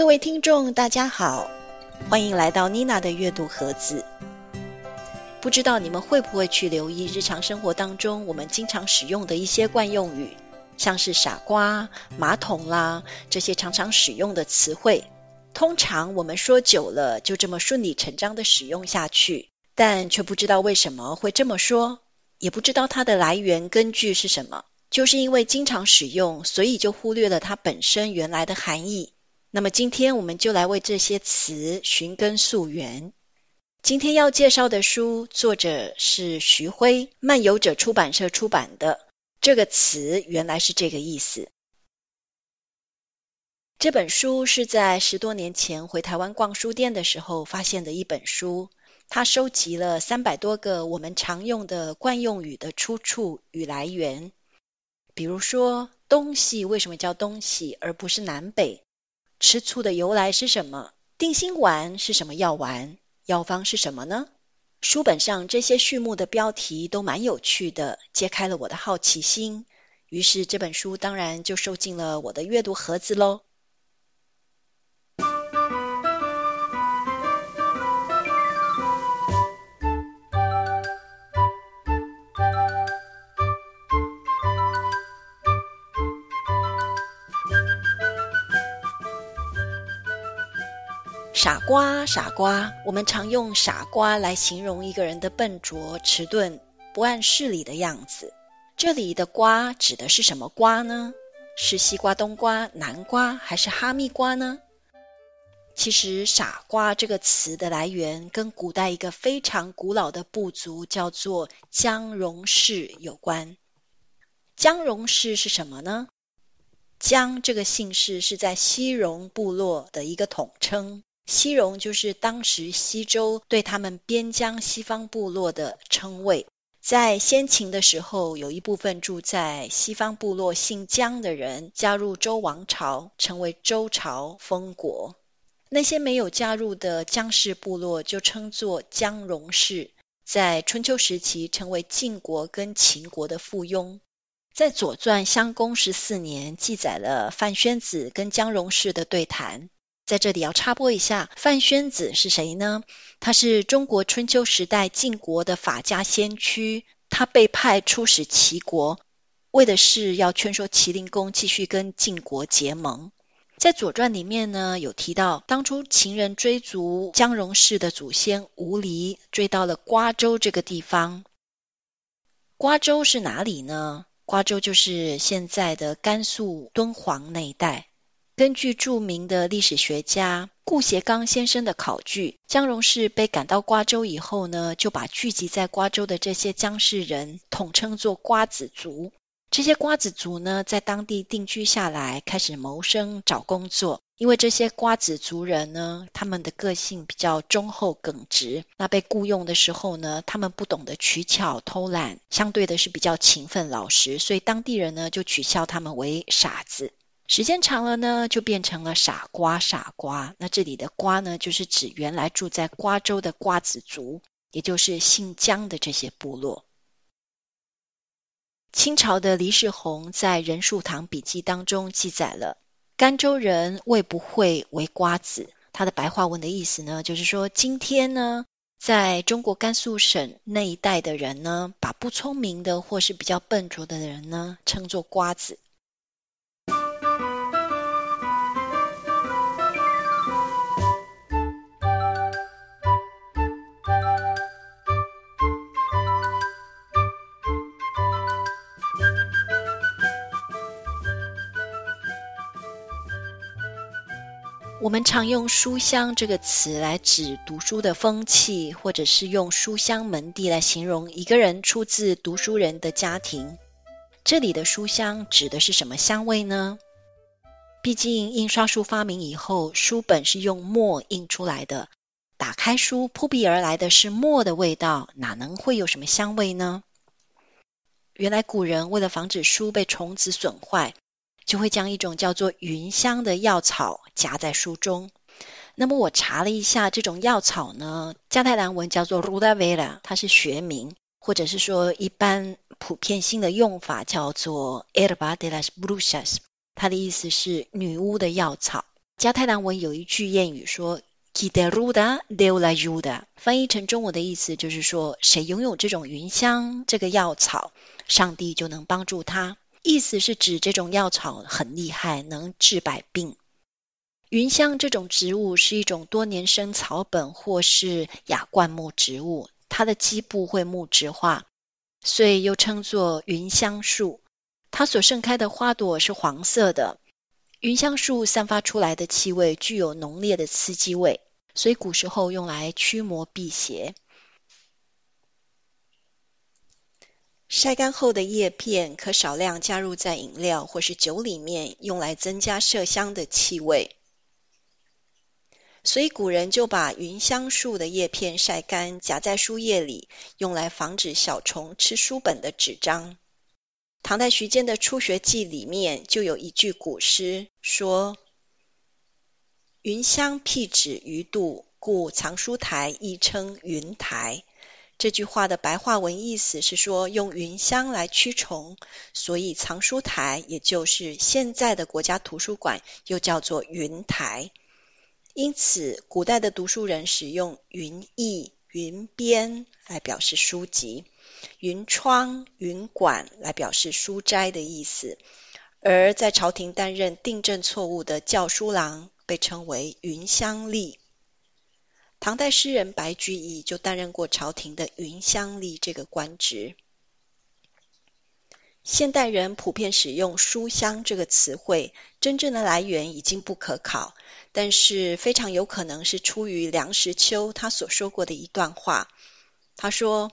各位聽眾，大家好，歡迎來到妮娜的閱讀盒子。不知道你們會不會去留意日常生活當中我們經常使用的一些慣用語，像是傻瓜、馬桶啦，這些常常使用的詞彙。通常我們說久了，就這麼順理成章地使用下去，但卻不知道為什麼會這麼說，也不知道它的來源根據是什麼。就是因為經常使用，所以就忽略了它本身原來的含義。那麼今天我們就來為這些詞尋根溯源。今天要介紹的書，作者是徐暉，漫遊者出版社出版的。這個詞原來是這個意思。這本書是在十多年前回台灣逛書店的時候發現的一本書，它收集了三百多個我們常用的慣用語的出處與來源。比如說，東西為什麼叫東西而不是南北？吃醋的由來是什麼？定心丸是什麼藥丸？藥方是什麼呢？書本上這些序幕的標題都蠻有趣的，揭開了我的好奇心，於是這本書當然就收進了我的閱讀盒子嘍。傻瓜，傻瓜。我們常用“傻瓜”來形容一個人的笨拙、遲鈍、不諳事理的樣子。這裡的“瓜”指的是什麼瓜呢？是西瓜、冬瓜、南瓜，還是哈密瓜呢？其實，“傻瓜”這個詞的來源跟古代一個非常古老的部族叫做薑戎氏有關。薑戎氏是什麼呢？薑這個姓氏是在西戎部落的一個統稱。西戎就是當時西周對他們邊疆西方部落的稱謂。在先秦的時候，有一部分住在西方部落姓姜的人加入周王朝，成為周朝封國。那些沒有加入的姜氏部落就稱作姜戎氏。在春秋時期，成為晉國跟秦國的附庸。在《左傳》襄公十四年記載了范宣子跟姜戎氏的對談。在這裡要插播一下，范宣子是誰呢？他是中國春秋時代晉國的法家先驅，他被派出使齊國，為的是要勸說齊靈公繼續跟晉國結盟。在《左傳》裡面呢，有提到當初秦人追逐姜戎氏的祖先吾離，追到了瓜州這個地方。瓜州是哪裡呢？瓜州就是現在的甘肅敦煌那一帶。根據著名的歷史學家顧頡剛先生的考據，姜戎氏被趕到瓜州以後呢，就把聚集在瓜州的這些姜氏人統稱作瓜子族。這些瓜子族呢，在當地定居下來，開始謀生找工作。因為這些瓜子族人呢，他們的個性比較忠厚耿直，那被僱傭的時候呢，他們不懂得取巧偷懶，相對的是比較勤奮老實，所以當地人呢，就取笑他們為傻子。時間長了呢，就變成了傻瓜、傻瓜。那這裡的瓜呢，就是指原來住在瓜州的瓜子族，也就是姓姜的這些部落。清朝的黎士宏在《仁恕堂筆記》當中記載了，甘州人謂不會為瓜子。他的白話文的意思呢，就是說，今天呢，在中國甘肅省那一帶的人呢，把不聰明的或是比較笨拙的人呢，稱作瓜子。我們常用“書香”這個詞來指讀書的風氣，或者是用“書香門第”來形容一個人出自讀書人的家庭。這裡的“書香”指的是什麼香味呢？畢竟印刷術發明以後，書本是用墨印出來的，打開書，撲鼻而來的是墨的味道，哪能會有什麼香味呢？原來古人為了防止書被蟲子損壞，就會將一種叫做雲香的藥草夾在書中。那麼我查了一下，這種藥草呢，加泰蘭文叫做 r u d a v e r a 它是學名，或者是說一般普遍性的用法叫做 e r b a de las b r u c e s 它的意思是女巫的藥草。加泰蘭文有一句諺語說 q u d r u d a de ruda, la u d a 翻譯成中文的意思就是說，誰擁有這種雲香這個藥草，上帝就能幫助他。意思是指這種藥草很厲害，能治百病。芸香這種植物是一種多年生草本或是亞灌木植物，它的基部會木質化，所以又稱作芸香樹。它所盛開的花朵是黃色的，芸香樹散發出來的氣味具有濃烈的刺激味，所以古時候用來驅魔辟邪。曬乾後的葉片可少量加入在飲料或是酒裡面，用來增加麝香的氣味。所以古人就把芸香樹的葉片曬乾，夾在書頁裡，用來防止小蟲吃書本的紙張。唐代徐堅的《初學記》裡面就有一句古詩說：“芸香辟紙魚蠹，故藏書台亦稱芸台。”這句話的白話文意思是說用雲香來驅蟲，所以藏書台也就是現在的國家圖書館，又叫做雲台。因此，古代的讀書人使用雲翼、雲邊來表示書籍，雲窗、雲館來表示書齋的意思。而在朝廷擔任訂正錯誤的校書郎，被稱為雲香吏。唐代詩人白居易就擔任過朝廷的云香吏這個官職。現代人普遍使用“書香”這個詞彙，真正的來源已經不可考，但是非常有可能是出於梁實秋他所說過的一段話。他說：“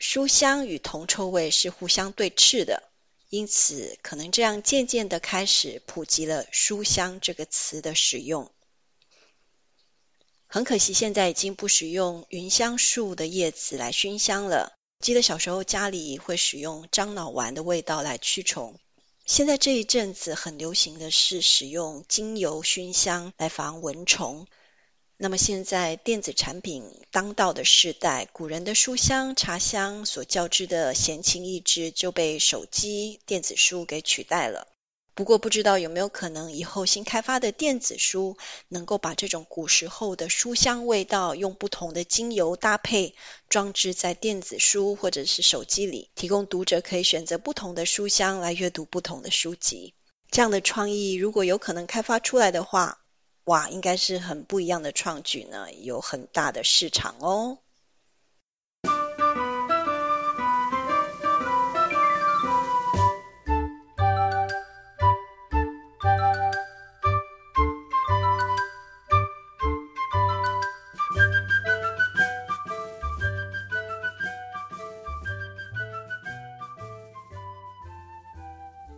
書香與銅臭味是互相對斥的，因此可能這樣漸漸地開始普及了‘書香’這個詞的使用。”很可惜，現在已經不使用芸香樹的葉子來熏香了。記得小時候家裡會使用樟腦丸的味道來驅蟲。現在這一陣子很流行的是使用精油熏香來防蚊蟲。那麼現在電子產品當道的時代，古人的書香茶香所交織的閒情逸致就被手機、電子書給取代了。不過不知道有沒有可能以後新開發的電子書能夠把這種古時候的書香味道，用不同的精油搭配裝置在電子書或者是手機裡，提供讀者可以選擇不同的書香來閱讀不同的書籍。這樣的創意如果有可能開發出來的話，哇，應該是很不一樣的創舉呢，有很大的市場哦。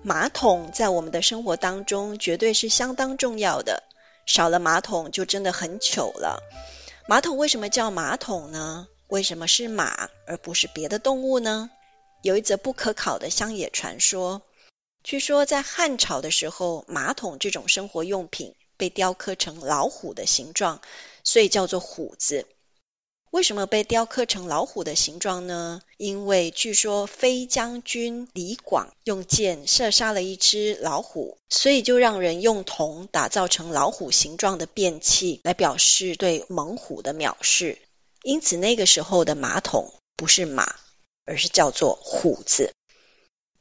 馬桶在我們的生活當中絕對是相當重要的，少了馬桶就真的很糗了。馬桶為什麼叫馬桶呢？為什麼是馬而不是別的動物呢？有一則不可考的鄉野傳說，據說在漢朝的時候，馬桶這種生活用品被雕刻成老虎的形狀，所以叫做虎子。為什麼被雕刻成老虎的形狀呢？因為據說飛將軍李廣用箭射殺了一隻老虎，所以就讓人用銅打造成老虎形狀的便器，來表示對猛虎的藐視。因此，那個時候的馬桶不是馬，而是叫做“虎子”。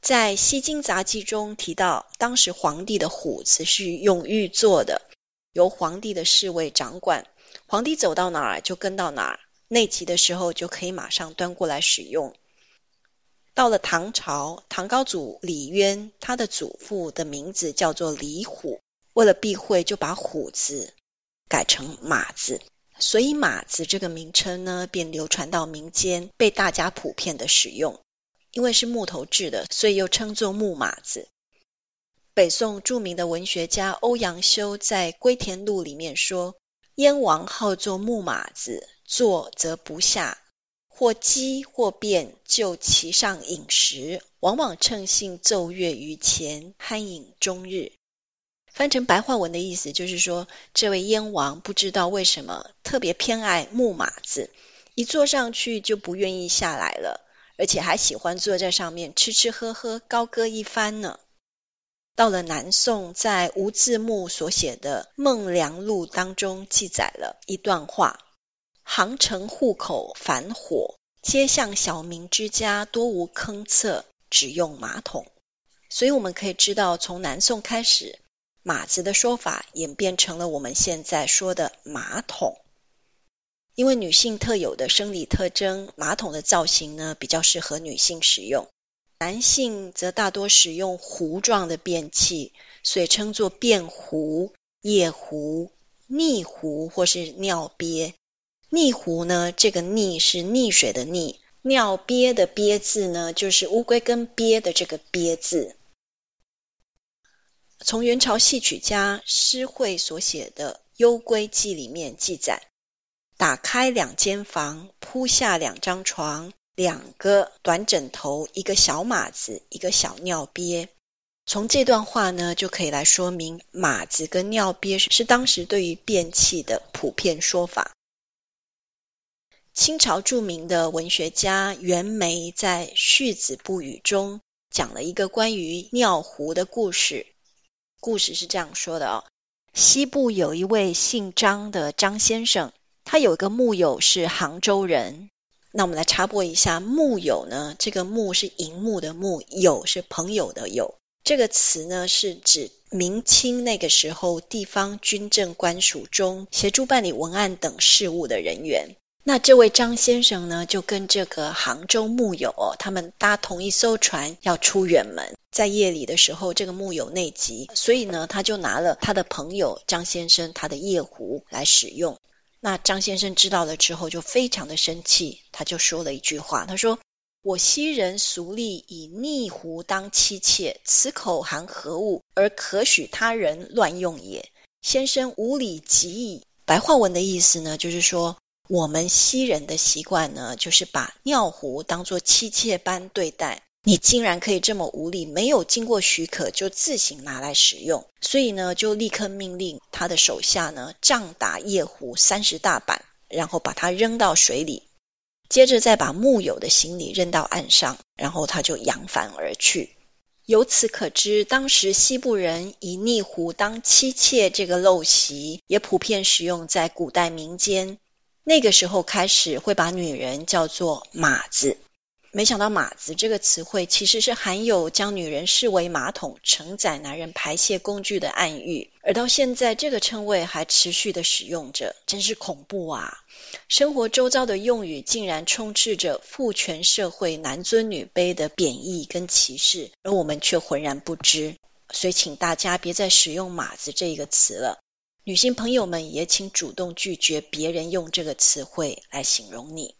在《西京雜記》中提到，當時皇帝的虎子是用玉做的，由皇帝的侍衛掌管，皇帝走到哪兒就跟到哪兒。內急的時候就可以馬上端過來使用。到了唐朝，唐高祖李淵，他的祖父的名字叫做李虎，為了避諱就把“虎子”改成“馬子”，所以“馬子”這個名稱呢，便流傳到民間，被大家普遍的使用。因為是木頭製的，所以又稱作木馬子。北宋著名的文學家歐陽修在《歸田錄》裡面說：“燕王好坐木馬子。”坐則不下，或饑或便，就其上飲食，往往乘興奏樂於前，酣飲終日。翻成白話文的意思就是說，這位燕王不知道為什麼特別偏愛木馬子，一坐上去就不願意下來了，而且還喜歡坐在上面吃吃喝喝，高歌一番呢。到了南宋，在吳自牧所寫的《夢粱錄》當中記載了一段話。杭城戶口繁夥，街巷小民之家多無坑廁，只用馬桶。所以我們可以知道，從南宋開始，“馬子”的說法演變成了我們現在說的“馬桶”。因為女性特有的生理特徵，馬桶的造型呢比較適合女性使用，男性則大多使用壺狀的便器，所以稱作便壺、夜壺、逆壺或是尿憋。溺壺呢？這個溺是溺水的溺，尿鱉的鱉字呢，就是烏龜跟鱉的這個鱉字。從元朝戲曲家施惠所寫的《幽閨記》裡面記載：打開兩間房，鋪下兩張床，兩個短枕頭，一個小馬子，一個小尿鱉。從這段話呢，就可以來說明馬子跟尿鱉是當時對於便器的普遍說法。清朝著名的文學家袁枚在《續子不語》中講了一個關於尿壺的故事。故事是這樣說的：哦，西部有一位姓張的張先生，他有一個幕友是杭州人。那我們來插播一下，幕友呢？這個幕是銀幕的幕，友是朋友的友。這個詞呢，是指明清那個時候地方軍政官署中協助辦理文案等事務的人員。那這位張先生呢，就跟這個杭州木友、哦、他們搭同一艘船要出遠門，在夜裡的時候，這個木友內急，所以呢，他就拿了他的朋友張先生他的夜壺來使用。那張先生知道了之後，就非常的生氣，他就說了一句話，他說：“我昔人俗例以溺壺當妻妾，此口含何物而可許他人亂用也？先生無禮極矣。”白話文的意思呢，就是說。我們西人的習慣呢，就是把尿壺當做妻妾般對待。你竟然可以這麼無理，沒有經過許可就自行拿來使用，所以呢，就立刻命令他的手下呢，杖打夜壺三十大板，然後把他扔到水裡，接着再把木友的行李扔到岸上，然後他就揚帆而去。由此可知，當時西部人以逆壺當妻妾這個陋習，也普遍使用在古代民間。那個時候開始會把女人叫做“馬子”，沒想到“馬子”這個詞彙其實是含有將女人視為馬桶、承載男人排泄工具的暗喻，而到現在這個稱謂還持續的使用着，真是恐怖啊！生活周遭的用語竟然充斥着父權社會、男尊女卑的貶義跟歧視，而我們卻渾然不知，所以請大家別再使用“馬子”這個詞了。女性朋友們也請主動拒絕別人用這個詞彙來形容你。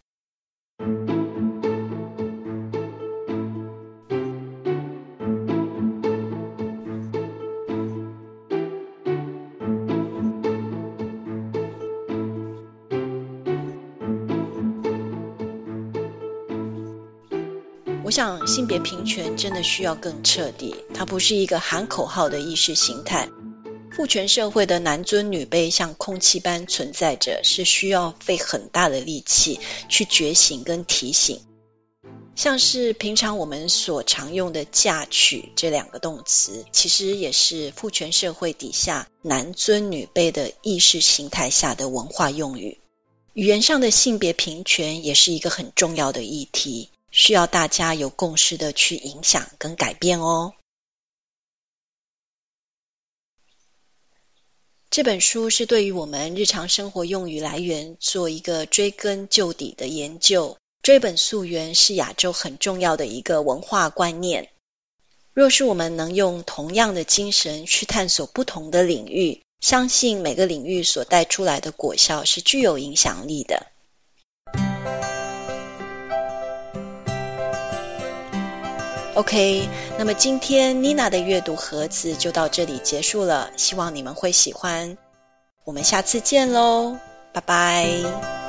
我想，性別平權真的需要更徹底，它不是一個喊口號的意識形態。父權社會的男尊女卑像空氣般存在着，是需要費很大的力氣去覺醒跟提醒。像是平常我們所常用的“嫁娶”這兩個動詞，其實也是父權社會底下男尊女卑的意識形態下的文化用語。語言上的性別平權也是一個很重要的議題，需要大家有共識的去影響跟改變哦。這本書是對於我們日常生活用語來源做一個追根究底的研究，追本溯源是亞洲很重要的一個文化觀念。若是我們能用同樣的精神去探索不同的領域，相信每個領域所帶出來的果效是具有影響力的。OK，那麼今天妮娜的閱讀盒子就到這裡結束了，希望你們會喜歡，我們下次見嘍，拜拜。